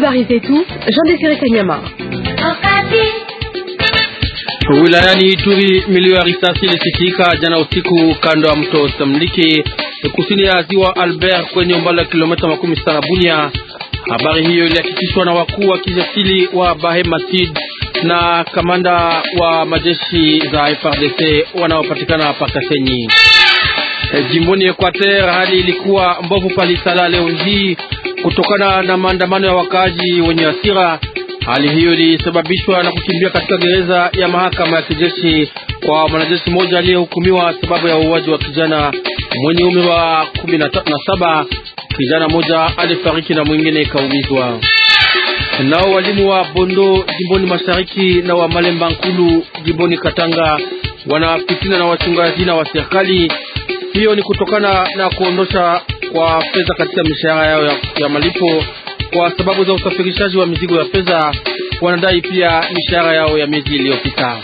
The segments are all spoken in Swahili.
Habari zetu Jean Desire Kanyama. Wilayani Ituri, milio ya risasi ilisikika jana usiku kando ya mto Semliki kusini ya ziwa Albert kwenye umbali wa kilomita makumi sita na Bunia. Habari hiyo ilihakikishwa na wakuu wa kijasili wa Bahema Sid na kamanda wa majeshi za FRDC wanaopatikana hapa Kasenyi. Eh, jimboni Equateur hali ilikuwa mbovu palisala leo hii kutokana na maandamano ya wakaaji wenye hasira. Hali hiyo ilisababishwa na kukimbia katika gereza ya mahakama ya kijeshi kwa mwanajeshi mmoja aliyehukumiwa sababu ya uuaji wa kijana mwenye umri wa kumi na saba. Kijana mmoja alifariki na mwingine ikaumizwa. Nao walimu wa Bondo jimboni mashariki na wa Malemba Nkulu jimboni Katanga wanapitina na wachungaji na wa serikali. Hiyo ni kutokana na kuondosha kwa fedha katika mishahara yao ya, ya malipo kwa sababu za usafirishaji wa mizigo ya fedha. Wanadai pia mishahara yao ya miezi iliyopita.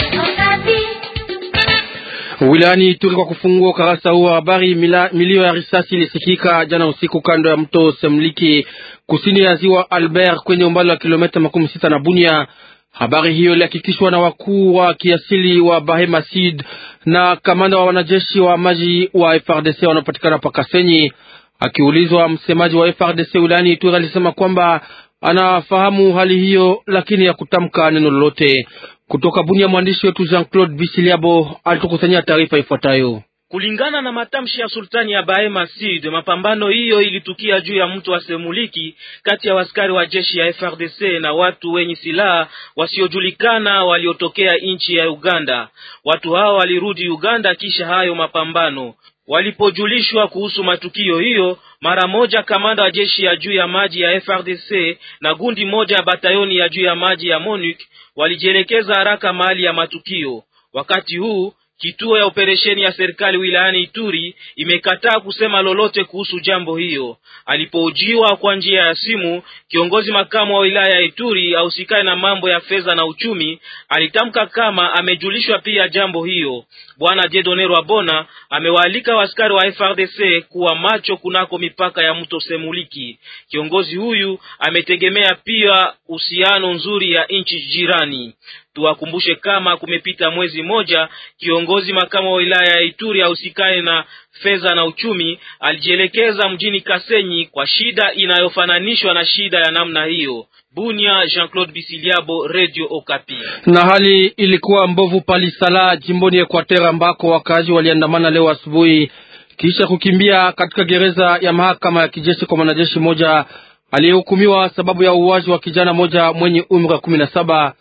Wilayani Ituri, kwa kufungua ukarasa huo habari, milio ya risasi ilisikika jana usiku kando ya mto Semliki kusini ya ziwa Albert kwenye umbali wa kilometa makumi sita na Bunia. Habari hiyo ilihakikishwa na wakuu wa kiasili wa Bahema Sid na kamanda wa wanajeshi wa maji wa FRDC wanaopatikana pa Kasenyi. Akiulizwa, msemaji wa FRDC wilayani Ituri alisema kwamba anafahamu hali hiyo, lakini ya kutamka neno lolote. Kutoka Bunia, mwandishi wetu Jean Claude Bisiliabo alitukusanyia taarifa ifuatayo. Kulingana na matamshi ya sultani ya Bahema Sud, mapambano hiyo ilitukia juu ya mtu wa Semuliki kati ya waskari wa jeshi ya FRDC na watu wenye silaha wasiojulikana waliotokea nchi ya Uganda. Watu hao walirudi Uganda kisha hayo mapambano. Walipojulishwa kuhusu matukio hiyo, mara moja kamanda wa jeshi ya juu ya maji ya FRDC na gundi moja ya batayoni ya juu ya maji ya MONUC walijielekeza haraka mahali ya matukio. Wakati huu Kituo ya operesheni ya serikali wilayani Ituri imekataa kusema lolote kuhusu jambo hiyo. Alipohojiwa kwa njia ya simu, kiongozi makamu wa wilaya ya Ituri ahusikane na mambo ya fedha na uchumi alitamka kama amejulishwa pia jambo hiyo. Bwana Jedone Rwabona amewaalika waaskari wa FRDC kuwa macho kunako mipaka ya mto Semuliki. Kiongozi huyu ametegemea pia uhusiano nzuri ya nchi jirani. Tuwakumbushe kama kumepita mwezi mmoja, kiongozi makamu wa wilaya ya Ituri ahusikane na fedha na uchumi alijielekeza mjini Kasenyi kwa shida inayofananishwa na shida ya namna hiyo. Bunia, Jean-Claude Bisiliabo, Radio Okapi. Na hali ilikuwa mbovu Palisala, jimboni equater ambako wakazi waliandamana leo asubuhi kisha kukimbia katika gereza ya mahakama ya kijeshi kwa mwanajeshi mmoja aliyehukumiwa sababu ya uwazi wa kijana mmoja mwenye umri wa kumi na saba.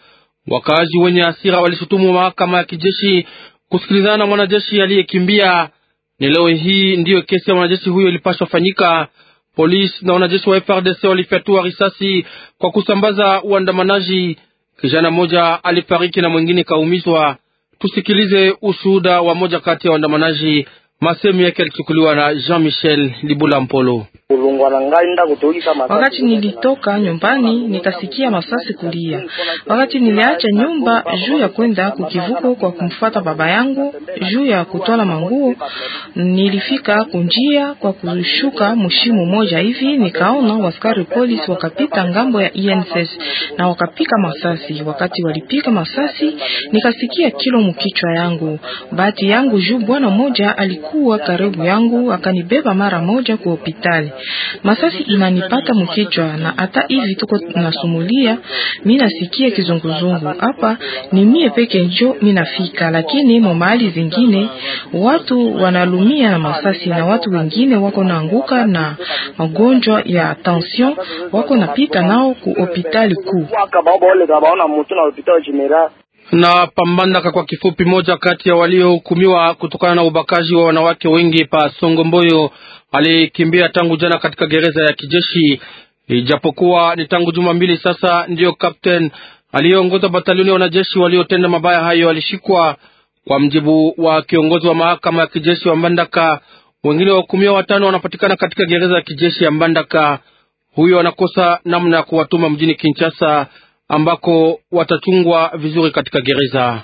Wakazi wenye hasira walishutumu mahakama ya kijeshi kusikilizana na mwanajeshi aliyekimbia. Ni leo hii ndiyo kesi ya mwanajeshi huyo ilipashwa fanyika. Polisi na wanajeshi wa FRDC walifyatua risasi kwa kusambaza uandamanaji. Kijana mmoja alifariki na mwingine kaumizwa. Tusikilize ushuhuda wa moja kati ya waandamanaji Masemu yake alichukuliwa na Jean Michel Libula Mpolo. Wakati nilitoka nyumbani nitasikia masasi kulia. Wakati niliacha nyumba juu ya kwenda kukivuko kwa kumfuata baba yangu juu ya kutwala manguo, nilifika kunjia kwa kushuka mshimu moja hivi, nikaona waskari polisi wakapita ngambo ya INSS na wakapika masasi. Wakati walipika masasi, nikasikia kilo mukichwa yangu. bati yangu juu bwana moja alikuwa alikuwa karibu yangu akanibeba mara moja kwa hospitali. Masasi inanipata mkichwa na hata hivi tuko tunasumulia, mimi nasikia kizunguzungu. Hapa ni mie peke njo minafika, lakini mu mahali zingine watu wanalumia na masasi na watu wengine wako naanguka na magonjwa ya tension, wako napita nao ku hospitali kuu na pambandaka kwa kifupi, moja kati ya waliohukumiwa kutokana na ubakaji wa wanawake wengi pa mboyo alikimbia tangu jana katika gereza ya kijeshi, ijapokuwa ni tangu juma mbili sasa ndiyo kapten aliyeongoza batalioni ya wanajeshi waliotenda mabaya hayo alishikwa. Kwa mjibu wa kiongozi wa mahakama ya kijeshi wa Mbandaka, wengine wahukumiwa watano wanapatikana katika gereza ya kijeshi ya Mbandaka. Huyo anakosa namna ya kuwatuma mjini Kinshasa ambako watachungwa vizuri katika gereza.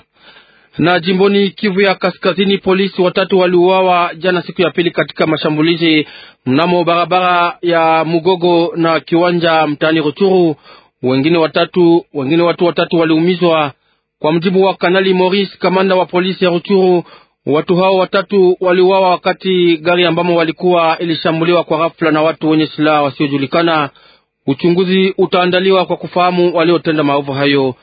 Na jimboni Kivu ya Kaskazini, polisi watatu waliuawa jana siku ya pili katika mashambulizi mnamo barabara ya Mugogo na Kiwanja mtaani Ruchuru. Wengine watatu wengine watu watatu waliumizwa. Kwa mjibu wa Kanali Maurice, kamanda wa polisi ya Ruchuru, watu hao watatu waliuawa wakati gari ambamo walikuwa ilishambuliwa kwa ghafla na watu wenye silaha wasiojulikana. Uchunguzi utaandaliwa kwa kufahamu waliotenda maovu hayo.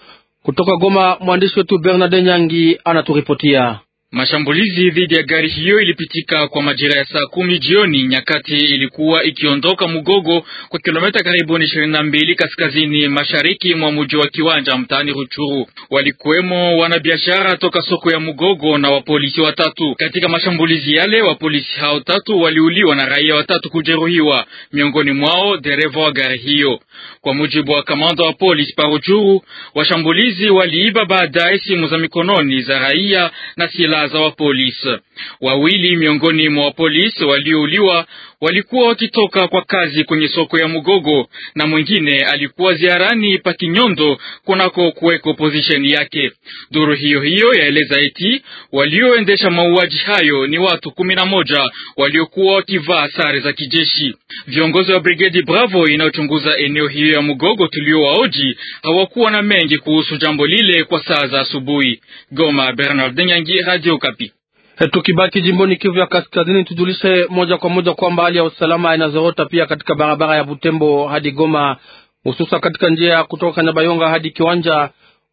Kutoka Goma, mwandishi wetu Bernard Nyangi anaturipotia. Mashambulizi dhidi ya gari hiyo ilipitika kwa majira ya saa kumi jioni, nyakati ilikuwa ikiondoka Mugogo kwa kilomita karibuni ishirini na mbili kaskazini mashariki mwa mji wa Kiwanja mtaani Ruchuru. Walikuwemo wanabiashara toka soko ya Mugogo na wapolisi watatu. Katika mashambulizi yale, wapolisi hao tatu waliuliwa na raia watatu kujeruhiwa, miongoni mwao dereva wa gari hiyo. Kwa mujibu wa kamanda wa polisi pa Ruchuru, washambulizi waliiba baadaye simu za mikononi za raia na sila à en police. Wawili miongoni mwa wapolisi waliouliwa walikuwa wakitoka kwa kazi kwenye soko ya Mugogo na mwingine alikuwa ziarani pa Kinyondo kunako kuweka pozisheni yake. Duru hiyo hiyo yaeleza eti walioendesha mauaji hayo ni watu kumi na moja waliokuwa wakivaa sare za kijeshi. Viongozi wa brigedi Bravo inayochunguza eneo hiyo ya Mugogo tuliowaoji hawakuwa na mengi kuhusu jambo lile kwa saa za asubuhi. Goma, Bernard Nyangi, Radio Kapi. Eh, tukibaki jimboni Kivu ya Kaskazini, tujulishe moja kwa moja kwamba hali ya usalama inazorota pia katika barabara ya Butembo hadi Goma, hususa katika njia ya kutoka Kanyabayonga hadi Kiwanja.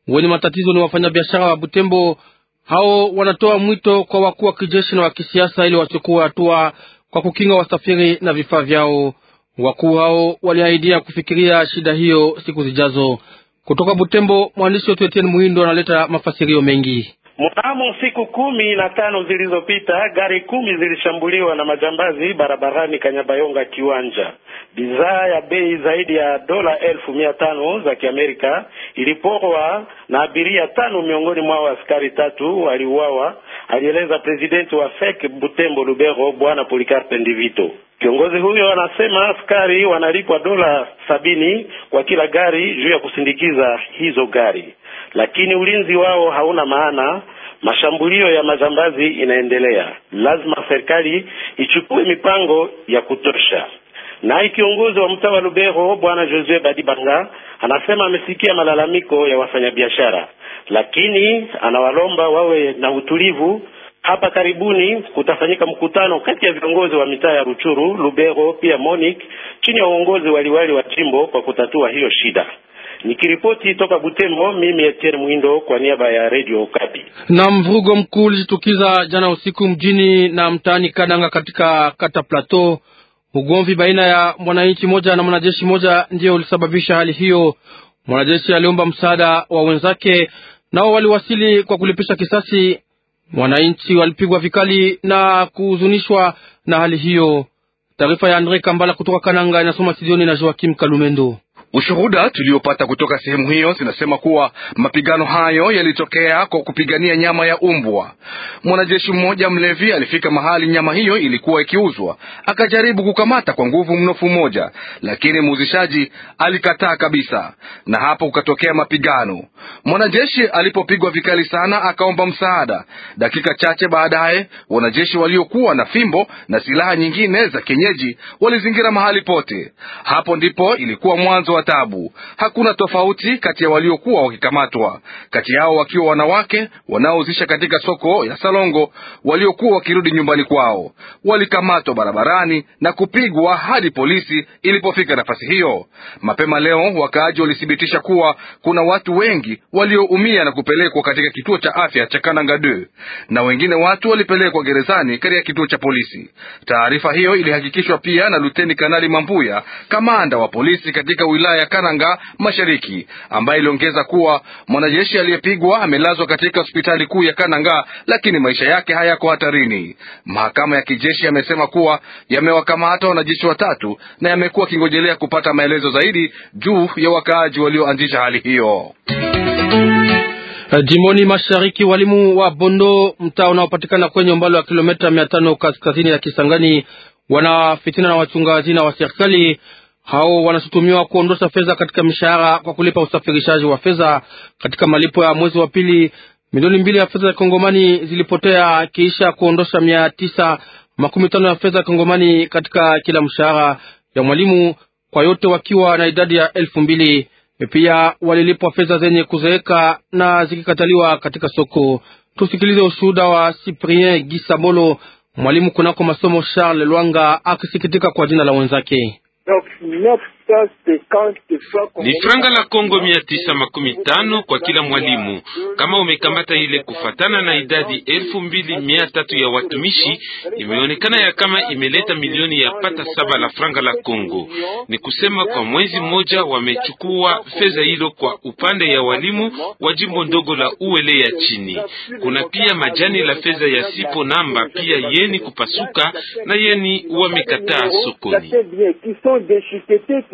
Wenye matatizo ni wafanyabiashara wa Butembo. Hao wanatoa mwito kwa wakuu wa kijeshi na wa kisiasa ili wachukue hatua kwa kukinga wasafiri na vifaa vyao. Wakuu hao waliahidia kufikiria shida hiyo siku zijazo. Kutoka Butembo, mwandishi wetu Etienne Muhindo analeta mafasirio mengi. Mnamo siku kumi na tano zilizopita gari kumi zilishambuliwa na majambazi barabarani Kanyabayonga Kiwanja. Bidhaa ya bei zaidi ya dola elfu mia tano za Kiamerika iliporwa na abiria tano, miongoni mwao askari tatu waliuawa, alieleza presidenti wa FEC Butembo Lubero, Bwana Polikarpe Ndivito. Kiongozi huyo anasema askari wanalipwa dola sabini kwa kila gari juu ya kusindikiza hizo gari lakini ulinzi wao hauna maana. Mashambulio ya majambazi inaendelea. Lazima serikali ichukue mipango ya kutosha. Naye kiongozi wa mtaa wa Lubero Bwana Josue Badibanga anasema amesikia malalamiko ya wafanyabiashara, lakini anawalomba wawe na utulivu. Hapa karibuni kutafanyika mkutano kati ya viongozi wa mitaa ya Ruchuru, Lubero pia Monique chini ya uongozi waliwali wa jimbo kwa kutatua hiyo shida. Nikiripoti toka Butembo, mimi Eter Mwindo kwa niaba ya Radio Okapi. Na mvugo mkuu ulijitukiza jana usiku mjini na mtaani Kananga katika kata Plateau. Ugomvi baina ya mwananchi moja na mwanajeshi moja ndiyo ulisababisha hali hiyo. Mwanajeshi aliomba msaada wa wenzake, nao waliwasili kwa kulipisha kisasi. Mwananchi walipigwa vikali na kuhuzunishwa na hali hiyo. Taarifa ya Andre Kambala kutoka Kananga inasoma studioni na Joakim Kalumendo. Ushuhuda tuliopata kutoka sehemu hiyo zinasema kuwa mapigano hayo yalitokea kwa kupigania nyama ya umbwa. Mwanajeshi mmoja mlevi alifika mahali nyama hiyo ilikuwa ikiuzwa, akajaribu kukamata kwa nguvu mnofu mmoja, lakini muuzishaji alikataa kabisa, na hapo kukatokea mapigano. Mwanajeshi alipopigwa vikali sana, akaomba msaada. Dakika chache baadaye, wanajeshi waliokuwa na fimbo na silaha nyingine za kienyeji walizingira mahali pote. Hapo ndipo ilikuwa mwanzo wa taabu. Hakuna tofauti kati ya waliokuwa wakikamatwa, kati yao wakiwa wanawake wanaouzisha katika soko ya Salongo waliokuwa wakirudi nyumbani kwao. Walikamatwa barabarani na kupigwa hadi polisi ilipofika nafasi hiyo. Mapema leo wakaaji walithibitisha kuwa kuna watu wengi walioumia na kupelekwa katika kituo cha afya cha Kanangadu na wengine watu walipelekwa gerezani katika kituo cha polisi. Taarifa hiyo ilihakikishwa pia na Luteni Kanali Mambuya, kamanda wa polisi katika wilaya ya Kananga Mashariki, ambaye iliongeza kuwa mwanajeshi aliyepigwa amelazwa katika hospitali kuu ya Kananga, lakini maisha yake hayako hatarini. Mahakama ya kijeshi yamesema kuwa yamewakamata wanajeshi watatu na yamekuwa akingojelea kupata maelezo zaidi juu ya wakaaji walioanzisha hali hiyo. Eh, jimboni mashariki, walimu wa Bondo, mtaa unaopatikana kwenye umbali wa kilomita mia tano kaskazini ya Kisangani, fitina na wachunga hazina wa serikali hao wanashutumiwa kuondosha fedha katika mishahara kwa kulipa usafirishaji wa fedha katika malipo ya mwezi wa pili. Milioni mbili ya fedha ya kongomani zilipotea kiisha kuondosha mia tisa makumi tano ya fedha ya kongomani katika kila mshahara ya mwalimu, kwa yote wakiwa na idadi ya elfu mbili. Pia walilipwa fedha zenye kuzeeka na zikikataliwa katika soko. Tusikilize ushuhuda wa Cyprien Gisabolo, mwalimu kunako masomo Charles Lwanga, akisikitika kwa jina la wenzake. Nope Nope. ni franga la Kongo mia tisa makumi tano kwa kila mwalimu. Kama umekamata ile kufatana na idadi elfu mbili mia tatu ya watumishi, imeonekana ya kama imeleta milioni ya pata saba la franga la Kongo. Ni kusema kwa mwezi mmoja wamechukua fedha hilo kwa upande ya walimu wa jimbo ndogo la Uele ya chini. Kuna pia majani la fedha ya sipo namba pia yeni kupasuka na yeni wamekataa sokoni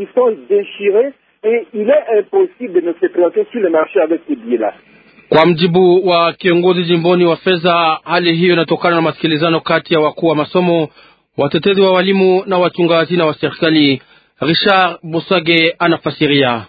qui sont déchirés et il est impossible de ne se présenter sur le marché avec ces billets-là. Kwa mjibu wa kiongozi jimboni wa fedha, hali hiyo inatokana na masikilizano kati ya wakuu wa masomo, watetezi wa walimu na wachungaji na wa serikali. Richard Busage anafasiria.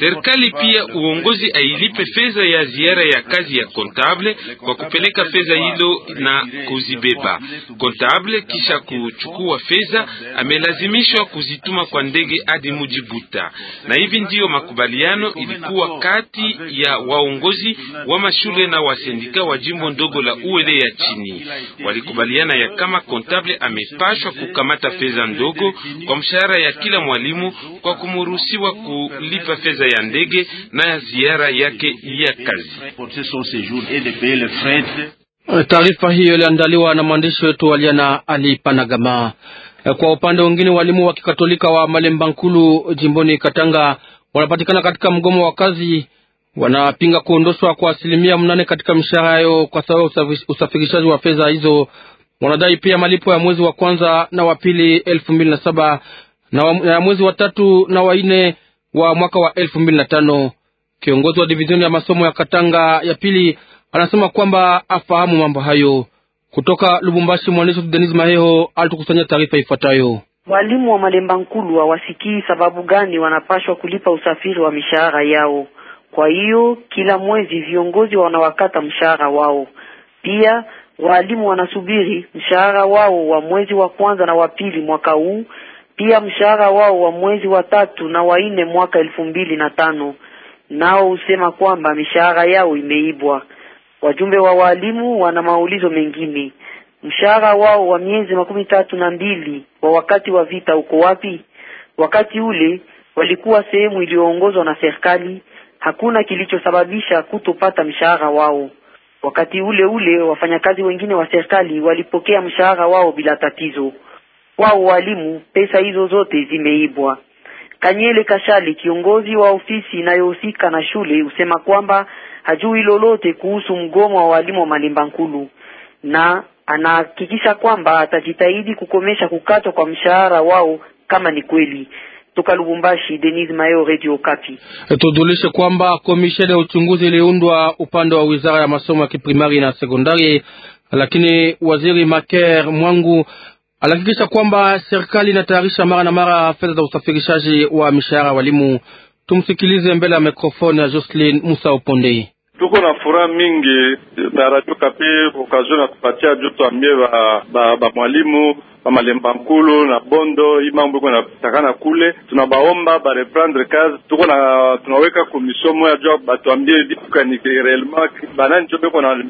Serikali pia uongozi ailipe fedha ya ziara ya kazi ya kontable kwa kupeleka fedha hilo na kuzibeba. Kontable kisha kuchukua fedha amelazimishwa kuzituma kwa ndege hadi muji Buta, na hivi ndiyo makubaliano ilikuwa kati ya waongozi wa mashule na wasendika wa jimbo ndogo la Uele ya chini. Walikubaliana ya kama kontable amepashwa kukamata fedha ndogo kwa mshahara ya kila mwalimu kumu kwa kumuruhusiwa kulipa fedha ya ndege na ya ziara yake ya kazi. Eh, taarifa hiyo iliandaliwa na mwandishi wetu Waliana Ali Panagama. Eh, kwa upande mwingine, walimu wa Kikatolika wa Malemba Nkulu jimboni Katanga wanapatikana katika mgomo wa kazi. Wanapinga kuondoshwa kwa asilimia mnane katika mishahara yao kwa sababu usafirishaji wa fedha hizo. Wanadai pia malipo ya mwezi wa kwanza na wa pili elfu mbili na saba na mwezi wa tatu na wa nne wa mwaka wa elfu mbili na tano. Kiongozi wa divizioni ya masomo ya Katanga ya pili anasema kwamba afahamu mambo hayo. Kutoka Lubumbashi, mwandishi Denis Maheho alitukusanya taarifa ifuatayo. Walimu wa Malemba Nkulu hawasikii sababu gani wanapashwa kulipa usafiri wa mishahara yao. Kwa hiyo kila mwezi viongozi wanawakata mshahara wao. Pia walimu wanasubiri mshahara wao wa mwezi wa kwanza na wa pili mwaka huu pia mshahara wao wa mwezi wa tatu na wa nne mwaka elfu mbili na tano nao husema kwamba mishahara yao imeibwa. Wajumbe wa walimu wana maulizo mengine. Mshahara wao wa miezi makumi tatu na mbili wa wakati wa vita uko wapi? Wakati ule walikuwa sehemu iliyoongozwa na serikali, hakuna kilichosababisha kutopata mshahara wao. Wakati ule ule wafanyakazi wengine wa serikali walipokea mshahara wao bila tatizo wao walimu, pesa hizo zote zimeibwa. Kanyele Kashali, kiongozi wa ofisi inayohusika na shule, husema kwamba hajui lolote kuhusu mgomo wa walimu wa Malemba Nkulu na anahakikisha kwamba atajitahidi kukomesha kukatwa kwa mshahara wao kama ni kweli. Toka Lubumbashi, Denise Mayo, Radio Kapi. Tudulishe kwamba komisheni ya uchunguzi iliundwa upande wa wizara ya masomo ya kiprimari na sekondari, lakini waziri Maker Mwangu alihakikisha kwamba serikali inatayarisha mara na mara fedha za usafirishaji wa mishahara walimu. Tumsikilize mbele ya mikrofoni ya Jocelyn Musa Upondei. Tuko na furaha mingi na Radio Kapi okazion ya kupatia juu tuambie ba ba, ba malemba nkulu na bondo hii mambo iko natakana kule, tunabaomba bareprendre kazi. Tuko na tunaweka komisio moya jua batuambie bitukanike reellement banani jo beko na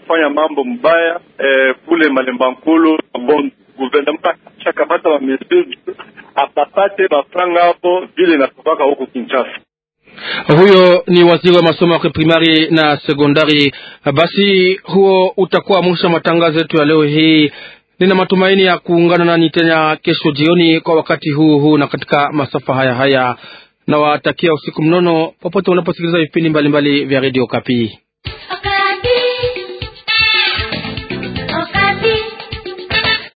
kufanya mambo mbaya eh, kule malemba nkulu na bondo guvernema shakamata bamesure apapate bafranga hapo vile inatokaka huku Kinshasa. Huyo ni waziri wa masomo ya primari na sekondari. Basi huo utakuwa mwisho wa matangazo yetu ya leo hii. Nina matumaini ya kuungana nanyi tena kesho jioni kwa wakati huu huu na katika masafa haya haya, na watakia usiku mnono popote unaposikiliza vipindi mbalimbali vya Radio Kapi.